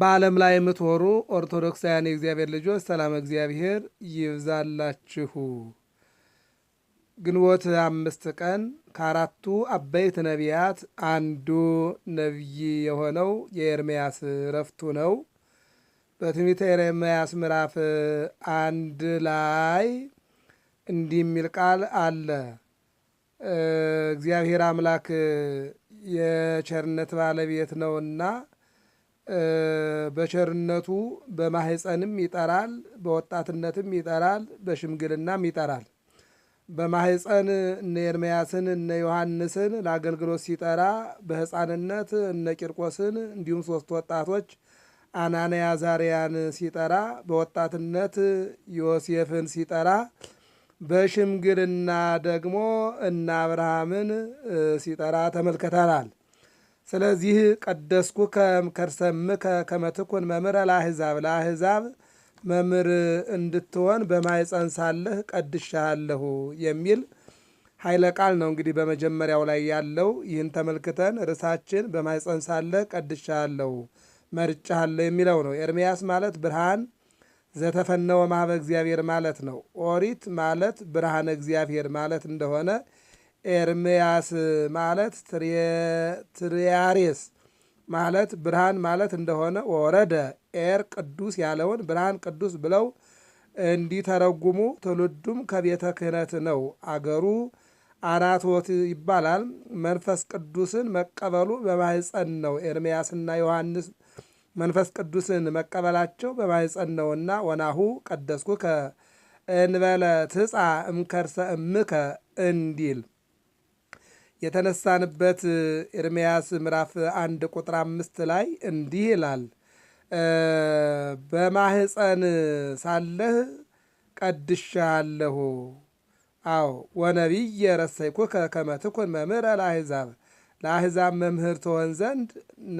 በዓለም ላይ የምትኖሩ ኦርቶዶክሳውያን የእግዚአብሔር ልጆች ሰላም እግዚአብሔር ይብዛላችሁ። ግንቦት አምስት ቀን ከአራቱ አበይት ነቢያት አንዱ ነቢይ የሆነው የኤርምያስ እረፍቱ ነው። በትንቢተ ኤርምያስ ምዕራፍ አንድ ላይ እንዲህ የሚል ቃል አለ። እግዚአብሔር አምላክ የቸርነት ባለቤት ነውና በቸርነቱ በማህፀንም ይጠራል፣ በወጣትነትም ይጠራል፣ በሽምግልናም ይጠራል። በማህፀን እነ ኤርምያስን እነ ዮሐንስን ለአገልግሎት ሲጠራ በህፃንነት እነ ቂርቆስን እንዲሁም ሶስት ወጣቶች አናንያ ዛሪያን ሲጠራ በወጣትነት ዮሴፍን ሲጠራ በሽምግልና ደግሞ እነ አብርሃምን ሲጠራ ተመልከተናል። ስለዚህ ቀደስኩ ከርሰም ከመትኩን ትኩን መምህረ ለአሕዛብ ለአሕዛብ መምህር እንድትሆን በማይፀን ሳለህ ቀድሻለሁ የሚል ኃይለ ቃል ነው። እንግዲህ በመጀመሪያው ላይ ያለው ይህን ተመልክተን ርዕሳችን በማይፀን ሳለህ ቀድሻለሁ መርጫለሁ የሚለው ነው። ኤርምያስ ማለት ብርሃን ዘተፈነወ ማህበ እግዚአብሔር ማለት ነው። ኦሪት ማለት ብርሃን እግዚአብሔር ማለት እንደሆነ ኤርምያስ ማለት ትሪያሬስ ማለት ብርሃን ማለት እንደሆነ ወረደ ኤር ቅዱስ ያለውን ብርሃን ቅዱስ ብለው እንዲተረጉሙ ትውልዱም ከቤተ ክህነት ነው። አገሩ አናቶት ይባላል። መንፈስ ቅዱስን መቀበሉ በማህፀን ነው። ኤርምያስና ዮሐንስ መንፈስ ቅዱስን መቀበላቸው በማህፀን ነውና ወናሁ ቀደስኩ ከእንበለ ትጻ እምከርሰ እምከ እንዲል የተነሳንበት ኤርምያስ ምዕራፍ አንድ ቁጥር አምስት ላይ እንዲህ ይላል በማህፀን ሳለህ ቀድሻለሁ። አዎ ወነቢየ ረሰይኩከ ከመ ትኩን ለአሕዛብ ለአሕዛብ መምህር ትሆን ዘንድ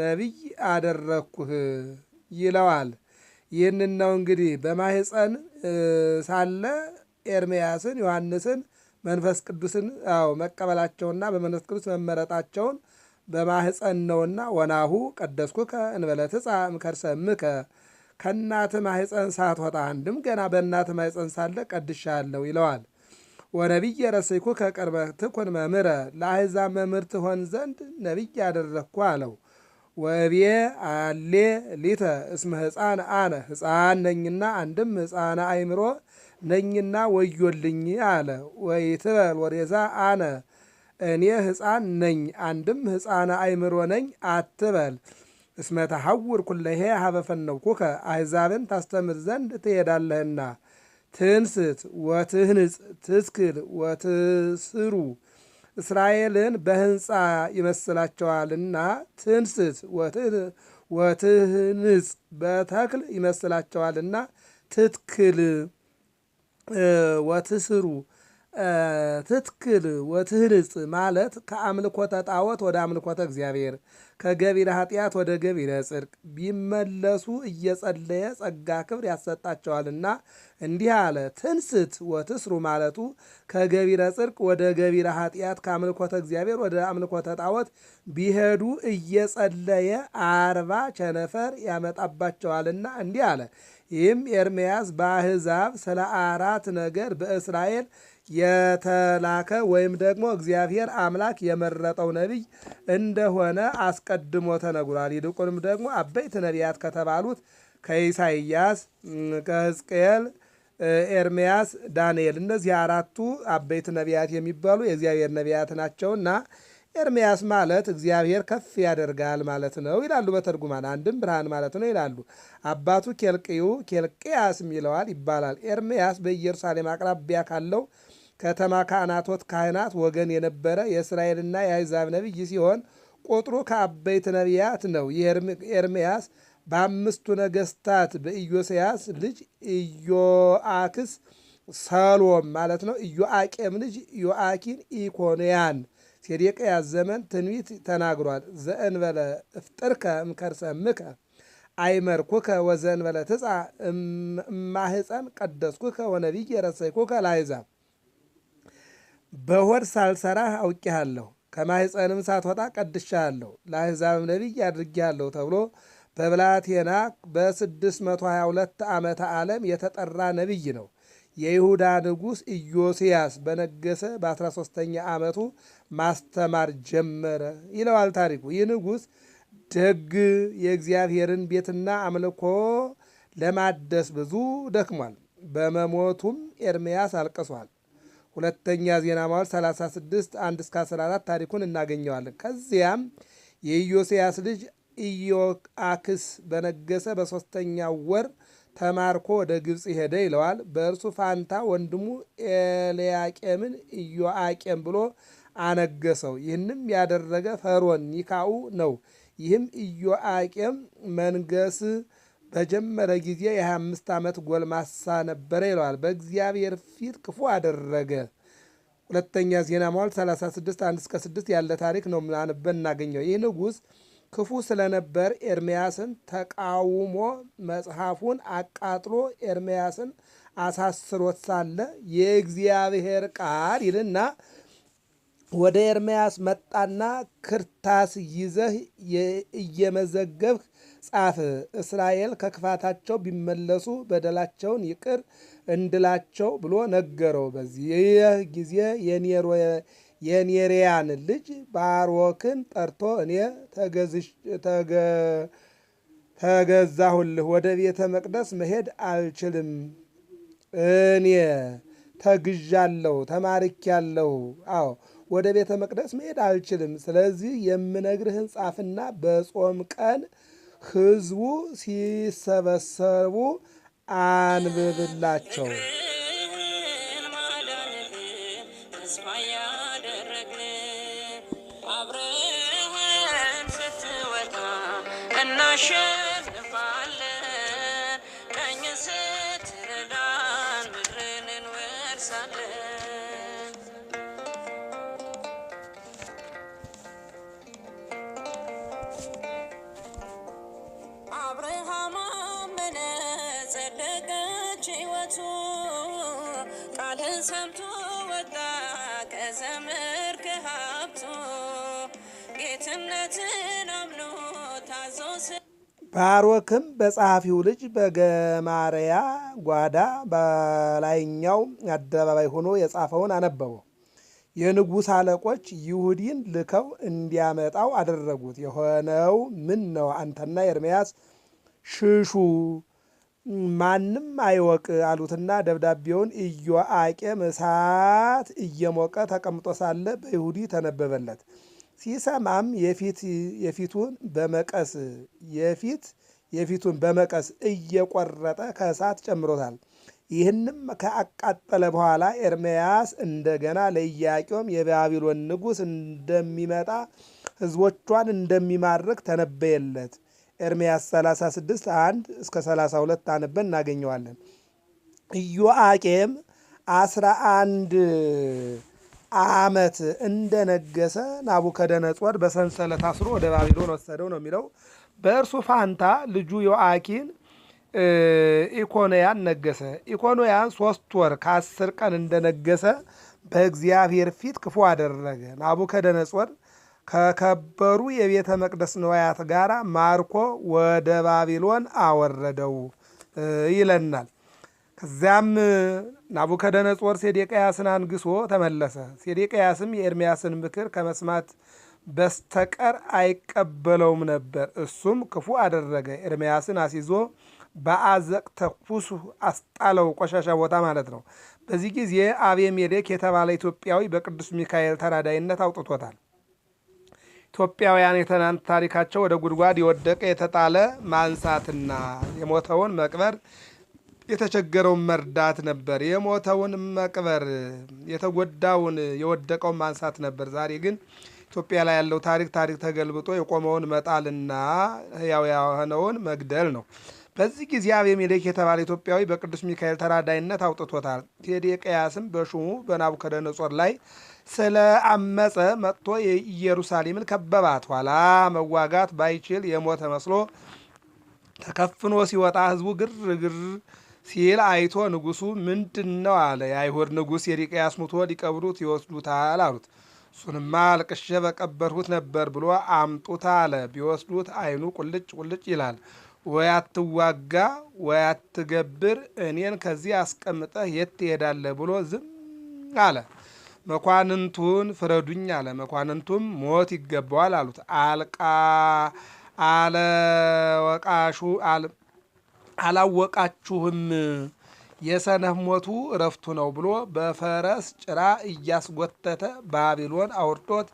ነቢይ አደረግኩህ ይለዋል። ይህንን ነው እንግዲህ በማህፀን ሳለ ኤርምያስን ዮሐንስን መንፈስ ቅዱስን አዎ መቀበላቸውና በመንፈስ ቅዱስ መመረጣቸውን በማህፀን ነውና ወናሁ ቀደስኩከ እንበለ ትጻእ ከርሰ ምከ ከእናት ማህፀን ሳትወጣ አንድም ገና በእናት ማህፀን ሳለ ቀድሻለሁ ይለዋል። ወነቢየ ረሰይኩ ቅድመ ትኩን መምረ ለአህዛ መምህር ትሆን ዘንድ ነቢይ አደረግኩ አለው። ወብዬ አሌ ሊተ እስመ ህፃን አነ ህፃን ነኝና አንድም ሕፃነ አይምሮ ነኝና ወዮልኝ አለ። ትበል ወሬዛ አነ እኔ ሕፃን ነኝ አንድም ሕፃነ አይምሮ ነኝ አትበል። እስመ ተሐውር ኩለሄ ሀበ አሕዛብን ታስተምር ዘንድ ትሄዳለህና። ትንስት ወትህንጽ ትስክል ወትስሩ እስራኤልን በሕንፃ ይመስላቸዋልና ትንስት ወትህንጽ በተክል ይመስላቸዋልና ትትክል ዋትስሩ ትትክል ወትህርጽ ማለት ከአምልኮተ ጣዖት ወደ አምልኮተ እግዚአብሔር ከገቢረ ኃጢአት ወደ ገቢረ ጽድቅ ቢመለሱ እየጸለየ ጸጋ ክብር ያሰጣቸዋልና እንዲህ አለ። ትንስት ወትስሩ ማለቱ ከገቢረ ጽድቅ ወደ ገቢረ ኃጢአት ከአምልኮተ እግዚአብሔር ወደ አምልኮተ ጣዖት ቢሄዱ እየጸለየ አርባ ቸነፈር ያመጣባቸዋልና እንዲህ አለ። ይህም ኤርምያስ በአሕዛብ ስለ አራት ነገር በእስራኤል የተላከ ወይም ደግሞ እግዚአብሔር አምላክ የመረጠው ነቢይ እንደሆነ አስቀድሞ ተነግሯል። ይልቁንም ደግሞ አበይት ነቢያት ከተባሉት ከኢሳይያስ፣ ከሕዝቅኤል፣ ኤርምያስ፣ ዳንኤል እነዚህ አራቱ አበይት ነቢያት የሚባሉ የእግዚአብሔር ነቢያት ናቸውና ኤርምያስ ማለት እግዚአብሔር ከፍ ያደርጋል ማለት ነው ይላሉ በተርጉማን። አንድም ብርሃን ማለት ነው ይላሉ። አባቱ ኬልቅዩ ኬልቅያስም ይለዋል ይባላል። ኤርምያስ በኢየሩሳሌም አቅራቢያ ካለው ከተማ ከአናቶት ካህናት ወገን የነበረ የእስራኤልና የአሕዛብ ነቢይ ሲሆን ቁጥሩ ከአበይት ነቢያት ነው። ኤርሚያስ ኤርምያስ በአምስቱ ነገስታት በኢዮስያስ ልጅ ኢዮአክስ ሰሎም ማለት ነው ኢዮአቄም ልጅ ዮአኪን ኢኮንያን ሴዴቅያስ ዘመን ትንቢት ተናግሯል። ዘእንበለ እፍጥርከ እምከርሰምከ አይመርኩከ ወዘእንበለ ትጻ እማህፀን ቀደስኩከ ወነቢየ ረሰይኩከ ለአሕዛብ በሆድ ሳልሰራህ አውቄሃለሁ ከማህፀንም ሳትወጣ ቀድሻለሁ ለአሕዛብም ነቢይ አድርጌሃለሁ ተብሎ በብላቴና በ622 ዓመተ ዓለም የተጠራ ነቢይ ነው። የይሁዳ ንጉሥ ኢዮስያስ በነገሰ በ13ተኛ ዓመቱ ማስተማር ጀመረ ይለዋል ታሪኩ። ይህ ንጉሥ ደግ የእግዚአብሔርን ቤትና አምልኮ ለማደስ ብዙ ደክሟል። በመሞቱም ኤርምያስ አልቅሷል። ሁለተኛ ዜና መዋዕል 36 1 እስከ 14 ታሪኩን እናገኘዋለን። ከዚያም የኢዮስያስ ልጅ ኢዮአክስ በነገሰ በሦስተኛው ወር ተማርኮ ወደ ግብፅ ሄደ ይለዋል። በእርሱ ፋንታ ወንድሙ ኤልያቄምን ኢዮአቄም ብሎ አነገሰው። ይህንም ያደረገ ፈርዖን ኒካኡ ነው። ይህም ኢዮአቄም መንገስ በጀመረ ጊዜ የ25 ዓመት ጎልማሳ ነበረ ይለዋል። በእግዚአብሔር ፊት ክፉ አደረገ። ሁለተኛ ዜና መዋዕል 36 1 እስከ 6 ያለ ታሪክ ነው ምናንበን እናገኘው ይህ ንጉሥ ክፉ ስለነበር ኤርምያስን ተቃውሞ መጽሐፉን አቃጥሎ ኤርምያስን አሳስሮት ሳለ የእግዚአብሔር ቃል ይልና ወደ ኤርምያስ መጣና ክርታስ ይዘህ እየመዘገብህ ጻፍ፣ እስራኤል ከክፋታቸው ቢመለሱ በደላቸውን ይቅር እንድላቸው ብሎ ነገረው። በዚህ ይህ ጊዜ የኔሮ የኔሪያን ልጅ ባሮክን ጠርቶ እኔ ተገዛሁልህ፣ ወደ ቤተ መቅደስ መሄድ አልችልም፣ እኔ ተግዣለሁ፣ ተማርኪያለሁ። አዎ ወደ ቤተ መቅደስ መሄድ አልችልም። ስለዚህ የምነግርህን ጻፍና በጾም ቀን ህዝቡ ሲሰበሰቡ አንብብላቸው። አብርሃም አመነ ጸደቀች ሕይወቱ ቃልን ሰምቶ ወጣ ከዘመድ ከሀብቱ ጌትነትን አምኖ ታዞስ ባሮክም በጸሐፊው ልጅ በገማርያ ጓዳ በላይኛው አደባባይ ሆኖ የጻፈውን አነበበው። የንጉሥ አለቆች ይሁዲን ልከው እንዲያመጣው አደረጉት። የሆነው ምን ነው? አንተና ኤርምያስ ሽሹ ማንም አይወቅ አሉትና ደብዳቤውን ኢዮአቄም እሳት እየሞቀ ተቀምጦ ሳለ በይሁዲ ተነበበለት። ሲሰማም የፊት የፊቱን በመቀስ የፊት የፊቱን በመቀስ እየቆረጠ ከእሳት ጨምሮታል። ይህንም ከአቃጠለ በኋላ ኤርምያስ እንደገና ለኢያቄም የባቢሎን ንጉሥ እንደሚመጣ ሕዝቦቿን እንደሚማርክ ተነበየለት። ኤርምያስ 36 1 እስከ 32 አንበን እናገኘዋለን። ኢዮአቄም 11 ዓመት እንደነገሰ ናቡከደነጾር በሰንሰለት አስሮ ወደ ባቢሎን ወሰደው ነው የሚለው። በእርሱ ፋንታ ልጁ ዮአኪን ኢኮኖያን ነገሰ። ኢኮኖያን ሶስት ወር ከአስር ቀን እንደነገሰ በእግዚአብሔር ፊት ክፉ አደረገ ናቡከደነጾር ከከበሩ የቤተ መቅደስ ንዋያት ጋር ማርኮ ወደ ባቢሎን አወረደው ይለናል። ከዚያም ናቡከደነጾር ሴዴቅያስን አንግሶ ተመለሰ። ሴዴቅያስም የኤርምያስን ምክር ከመስማት በስተቀር አይቀበለውም ነበር። እሱም ክፉ አደረገ። ኤርምያስን አስይዞ በአዘቅተኩሱ አስጣለው፣ ቆሻሻ ቦታ ማለት ነው። በዚህ ጊዜ አቤሜሌክ የተባለ ኢትዮጵያዊ በቅዱስ ሚካኤል ተራዳይነት አውጥቶታል። ኢትዮጵያውያን የትናንት ታሪካቸው ወደ ጉድጓድ የወደቀ የተጣለ ማንሳትና የሞተውን መቅበር የተቸገረውን መርዳት ነበር። የሞተውን መቅበር፣ የተጎዳውን የወደቀውን ማንሳት ነበር። ዛሬ ግን ኢትዮጵያ ላይ ያለው ታሪክ ታሪክ ተገልብጦ የቆመውን መጣልና ሕያው የሆነውን መግደል ነው። በዚህ ጊዜ አቤሜሌክ የተባለ ኢትዮጵያዊ በቅዱስ ሚካኤል ተራዳይነት አውጥቶታል። ቴዴቅያስም በሹሙ በናቡከደነጾር ላይ ስለ አመፀ መጥቶ የኢየሩሳሌምን ከበባት። ኋላ መዋጋት ባይችል የሞተ መስሎ ተከፍኖ ሲወጣ ህዝቡ ግርግር ሲል አይቶ ንጉሱ ምንድን ነው አለ። የአይሁድ ንጉሥ የዲቅያስ ሙቶ ሊቀብሩት ይወስዱታል አሉት። እሱንማ አልቅሼ በቀበርሁት ነበር ብሎ አምጡት አለ። ቢወስዱት አይኑ ቁልጭ ቁልጭ ይላል። ወያትዋጋ ወያትገብር እኔን ከዚህ አስቀምጠህ የት ትሄዳለህ ብሎ ዝም አለ። መኳንንቱን ፍረዱኝ አለ። መኳንንቱም ሞት ይገባዋል አሉት። አልቃ አለወቃሹ አላወቃችሁም የሰነፍ ሞቱ እረፍቱ ነው ብሎ በፈረስ ጭራ እያስጎተተ ባቢሎን አውርዶት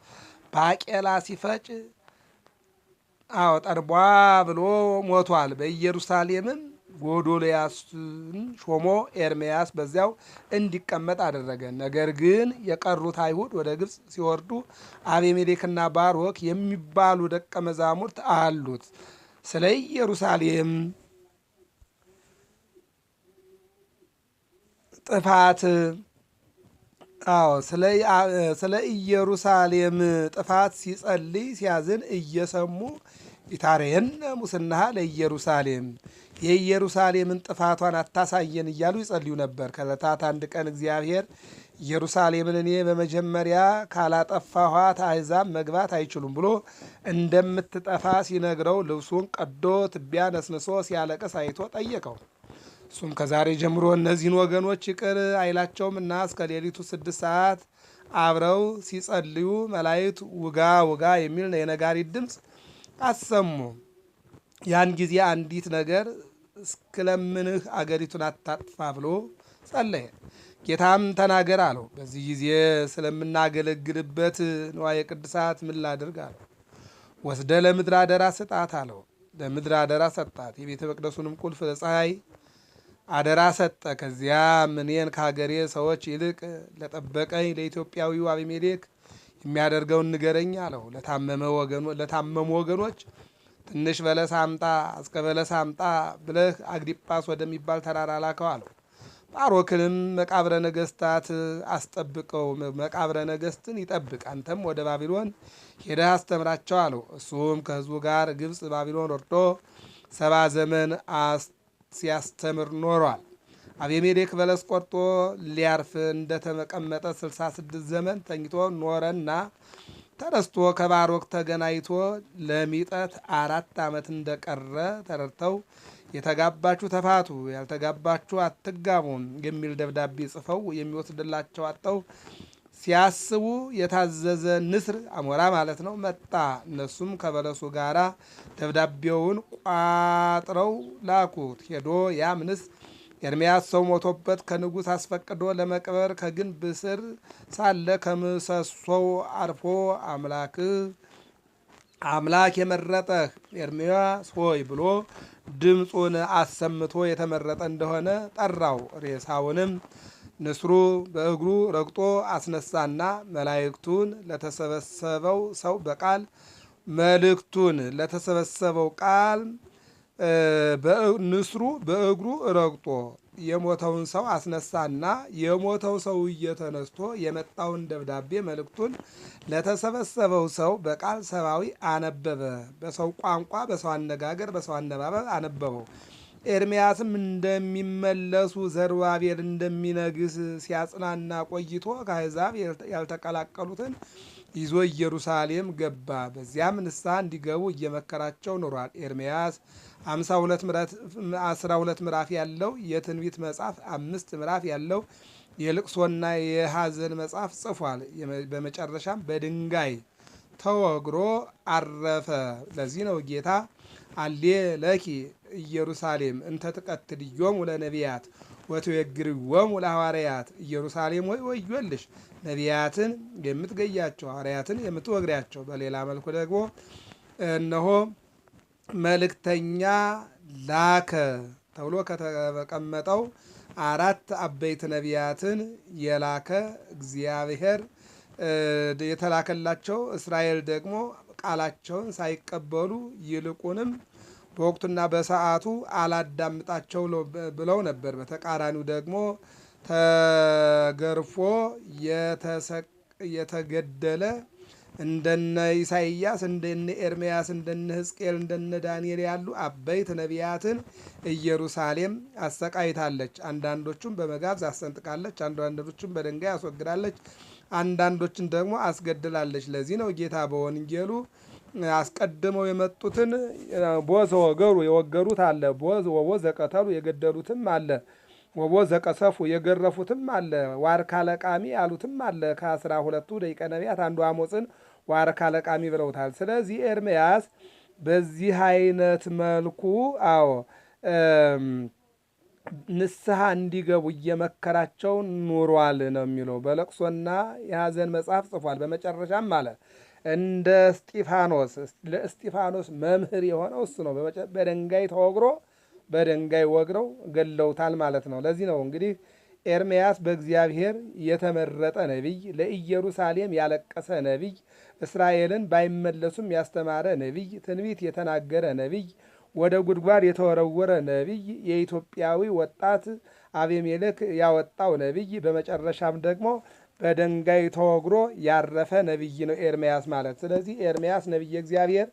ባቄላ ሲፈጭ አዎ ጠርቧ ብሎ ሞቷል። በኢየሩሳሌምም ጎዶልያስን ሾሞ ኤርምያስ በዚያው እንዲቀመጥ አደረገ። ነገር ግን የቀሩት አይሁድ ወደ ግብፅ ሲወርዱ አቤሜሌክና ባሮክ የሚባሉ ደቀ መዛሙርት አሉት። ስለ ኢየሩሳሌም ጥፋት አዎ ስለ ኢየሩሳሌም ጥፋት ሲጸልይ ሲያዝን እየሰሙ ኢታሬየነ ሙስናሃ ለኢየሩሳሌም የኢየሩሳሌምን ጥፋቷን አታሳየን እያሉ ይጸልዩ ነበር። ከዕለታት አንድ ቀን እግዚአብሔር ኢየሩሳሌምን እኔ በመጀመሪያ ካላጠፋኋት አሕዛብ መግባት አይችሉም ብሎ እንደምትጠፋ ሲነግረው ልብሱን ቀዶ ትቢያ ነስንሶ ሲያለቅስ አይቶ ጠየቀው። እሱም ከዛሬ ጀምሮ እነዚህን ወገኖች ይቅር አይላቸውም እና እስከ ሌሊቱ ስድስት ሰዓት አብረው ሲጸልዩ መላእክት ውጋ ውጋ የሚል የነጋሪት ድምፅ አሰሙ። ያን ጊዜ አንዲት ነገር እስክለምንህ አገሪቱን አታጥፋ ብሎ ጸለየ። ጌታም ተናገር አለው። በዚህ ጊዜ ስለምናገለግልበት ንዋየ ቅድሳት ምን ላድርግ አለው። ወስደ ለምድር አደራ ስጣት አለው። ለምድር አደራ ሰጣት። የቤተ መቅደሱንም ቁልፍ ለፀሐይ አደራ ሰጠ። ከዚያም እኔን ከሀገሬ ሰዎች ይልቅ ለጠበቀኝ ለኢትዮጵያዊው አቢሜሌክ የሚያደርገውን ንገረኝ አለው። ለታመሙ ወገኖች ትንሽ በለሳ አምጣ፣ እስከ በለሳ አምጣ ብለህ አግዲጳስ ወደሚባል ተራራ ላከው አለው። ጳሮክንም መቃብረ ነገስታት አስጠብቀው፣ መቃብረ ነገስትን ይጠብቅ፣ አንተም ወደ ባቢሎን ሄደህ አስተምራቸው አለው። እሱም ከህዝቡ ጋር ግብፅ ባቢሎን ወርዶ ሰባ ዘመን አስ ሲያስተምር ኖሯል። አቤሜሌክ በለስ ቆርጦ ሊያርፍ እንደተቀመጠ 66 ዘመን ተኝቶ ኖረና ተነስቶ ከባሮክ ተገናኝቶ ለሚጠት አራት ዓመት እንደቀረ ተረድተው የተጋባችሁ ተፋቱ፣ ያልተጋባችሁ አትጋቡም የሚል ደብዳቤ ጽፈው የሚወስድላቸው አጥተው ሲያስቡ የታዘዘ ንስር አሞራ ማለት ነው መጣ። እነሱም ከበለሱ ጋራ ደብዳቤውን ቋጥረው ላኩት። ሄዶ ያም ንስር ኤርምያስ ሰው ሞቶበት ከንጉሥ አስፈቅዶ ለመቅበር ከግንብ ስር ሳለ ከምሰሶው አርፎ አምላክ አምላክ የመረጠህ ኤርምያስ ሆይ ብሎ ድምፁን አሰምቶ የተመረጠ እንደሆነ ጠራው። ሬሳውንም ንስሩ በእግሩ ረግጦ አስነሳና መላእክቱን ለተሰበሰበው ሰው በቃል መልእክቱን ለተሰበሰበው ቃል ንስሩ በእግሩ ረግጦ የሞተውን ሰው አስነሳና የሞተው ሰውዬ ተነስቶ የመጣውን ደብዳቤ መልእክቱን ለተሰበሰበው ሰው በቃል ሰብአዊ አነበበ። በሰው ቋንቋ፣ በሰው አነጋገር፣ በሰው አነባበብ አነበበው። ኤርምያስም እንደሚመለሱ ዘሩባቤል እንደሚነግስ ሲያጽናና ቆይቶ ከአሕዛብ ያልተቀላቀሉትን ይዞ ኢየሩሳሌም ገባ። በዚያም ንስሐ እንዲገቡ እየመከራቸው ኖሯል። ኤርምያስ 12 ምዕራፍ ያለው የትንቢት መጽሐፍ አምስት ምዕራፍ ያለው የልቅሶና የሐዘን መጽሐፍ ጽፏል። በመጨረሻም በድንጋይ ተወግሮ አረፈ። ለዚህ ነው ጌታ አሌ ለኪ ኢየሩሳሌም እንተ ትቀትል ዮም ለነቢያት ወትወግር ዮም ለሐዋርያት ኢየሩሳሌም ወይ ወዮልሽ፣ ነቢያትን የምትገያቸው ሐዋርያትን የምትወግሪያቸው። በሌላ መልኩ ደግሞ እነሆ መልእክተኛ ላከ ተብሎ ከተቀመጠው አራት አበይት ነቢያትን የላከ እግዚአብሔር የተላከላቸው እስራኤል ደግሞ ቃላቸውን ሳይቀበሉ ይልቁንም በወቅቱና በሰዓቱ አላዳምጣቸው ብለው ነበር። በተቃራኒው ደግሞ ተገርፎ የተገደለ እንደነ ኢሳይያስ፣ እንደነ ኤርምያስ፣ እንደነ ሕዝቅኤል፣ እንደነ ዳንኤል ያሉ አበይት ነቢያትን ኢየሩሳሌም አሰቃይታለች። አንዳንዶቹም በመጋዝ አስጠንጥቃለች፣ አንዳንዶቹም በድንጋይ አስወግዳለች፣ አንዳንዶችን ደግሞ አስገድላለች። ለዚህ ነው ጌታ በወንጌሉ አስቀድመው የመጡትን ቦዘ ወገሩ የወገሩት አለ። ቦዝ ወቦ የገደሉትም አለ። ወቦ ዘቀሰፉ የገረፉትም አለ። ዋርካ ለቃሚ ያሉትም አለ። ከአስራ ሁለቱ ደቂቀ ነቢያት አንዱ አሞፅን ዋርካ ለቃሚ ብለውታል። ስለዚህ ኤርምያስ በዚህ አይነት መልኩ አዎ ንስሐ እንዲገቡ እየመከራቸው ኑሯል ነው የሚለው። በለቅሶና የሐዘን መጽሐፍ ጽፏል። በመጨረሻም አለ እንደ እስጢፋኖስ ለእስጢፋኖስ መምህር የሆነው እሱ ነው። በደንጋይ ተወግሮ በደንጋይ ወግረው ገለውታል ማለት ነው። ለዚህ ነው እንግዲህ ኤርምያስ በእግዚአብሔር የተመረጠ ነቢይ፣ ለኢየሩሳሌም ያለቀሰ ነቢይ፣ እስራኤልን ባይመለሱም ያስተማረ ነቢይ፣ ትንቢት የተናገረ ነቢይ፣ ወደ ጉድጓድ የተወረወረ ነቢይ፣ የኢትዮጵያዊ ወጣት አቤሜሌክ ያወጣው ነቢይ፣ በመጨረሻም ደግሞ በድንጋይ ተወግሮ ያረፈ ነቢይ ነው ኤርሚያስ ማለት። ስለዚህ ኤርሚያስ ነቢይ እግዚአብሔር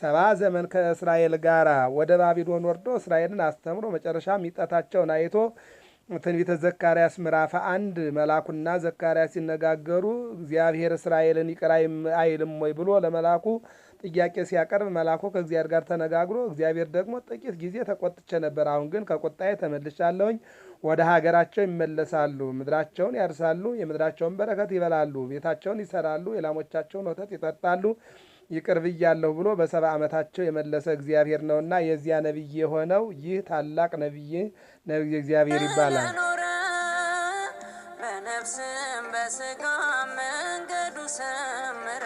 ሰባ ዘመን ከእስራኤል ጋር ወደ ባቢሎን ወርዶ እስራኤልን አስተምሮ መጨረሻ ሚጠታቸውን አይቶ ትንቢተ ዘካርያስ ምዕራፍ አንድ መላኩና ዘካርያስ ሲነጋገሩ እግዚአብሔር እስራኤልን ይቅር አይልም ወይ ብሎ ለመላኩ ጥያቄ ሲያቀርብ መላኩ ከእግዚአብሔር ጋር ተነጋግሮ እግዚአብሔር ደግሞ ጥቂት ጊዜ ተቆጥቼ ነበር፣ አሁን ግን ከቁጣዬ ተመልሻለሁኝ ወደ ሀገራቸው ይመለሳሉ። ምድራቸውን ያርሳሉ፣ የምድራቸውን በረከት ይበላሉ። ቤታቸውን ይሰራሉ፣ የላሞቻቸውን ወተት ይጠጣሉ። ይቅር ብያለሁ ብሎ በሰባ ዓመታቸው የመለሰ እግዚአብሔር ነውና የዚያ ነቢይ የሆነው ይህ ታላቅ ነቢይ ነቢይ እግዚአብሔር ይባላል። በነፍስም በስጋ መንገዱ ሰምረ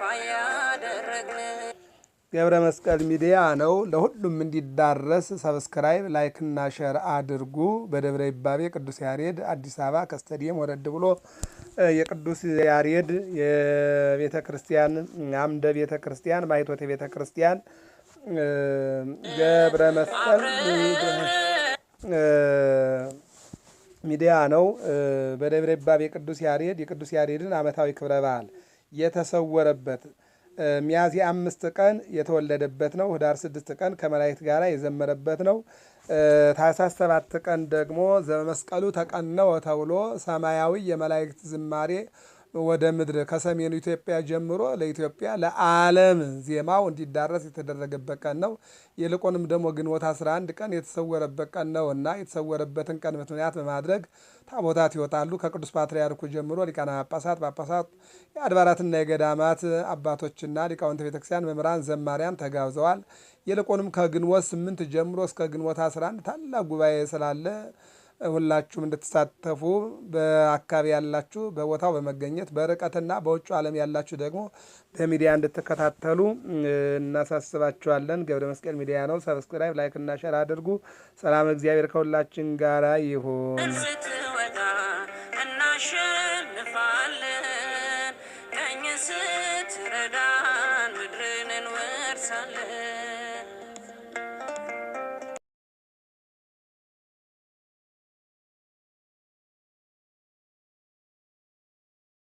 ተስፋ ያደረግን ገብረ መስቀል ሚዲያ ነው። ለሁሉም እንዲዳረስ ሰብስክራይብ፣ ላይክና ሸር አድርጉ። በደብረ ይባቤ ቅዱስ ያሬድ አዲስ አበባ ከስተዲየም ወረድ ብሎ የቅዱስ ያሬድ የቤተ ክርስቲያን አምደ ቤተ ክርስቲያን ማይቶት ቤተ ክርስቲያን ገብረ መስቀል ሚዲያ ነው። በደብረ ይባቤ ቅዱስ ያሬድ የቅዱስ ያሬድን ዓመታዊ ክብረ በዓል የተሰወረበት ሚያዝያ አምስት ቀን የተወለደበት ነው። ህዳር ስድስት ቀን ከመላእክት ጋር የዘመረበት ነው። ታኅሳስ ሰባት ቀን ደግሞ ዘመስቀሉ ተቀነወ ተብሎ ሰማያዊ የመላእክት ዝማሬ ወደ ምድር ከሰሜኑ ኢትዮጵያ ጀምሮ ለኢትዮጵያ ለዓለም ዜማው እንዲዳረስ የተደረገበት ቀን ነው። ይልቁንም ደግሞ ግንቦት 11 ቀን የተሰወረበት ቀን ነው እና የተሰወረበትን ቀን ምክንያት በማድረግ ታቦታት ይወጣሉ። ከቅዱስ ፓትርያርኩ ጀምሮ ሊቃነ ጳጳሳት፣ ጳጳሳት፣ የአድባራትና የገዳማት አባቶችና ሊቃውንተ ቤተክርስቲያን፣ መምህራን፣ ዘማሪያን ተጋብዘዋል። ይልቁንም ከግንቦት 8 ጀምሮ እስከ ግንቦት 11 ታላቅ ጉባኤ ስላለ ሁላችሁም እንድትሳተፉ በአካባቢ ያላችሁ በቦታው በመገኘት በርቀትና በውጭ ዓለም ያላችሁ ደግሞ በሚዲያ እንድትከታተሉ እናሳስባችኋለን። ገብረ መስቀል ሚዲያ ነው። ሰብስክራይብ፣ ላይክ እና ሸር አድርጉ። ሰላም እግዚአብሔር ከሁላችን ጋራ ይሁን።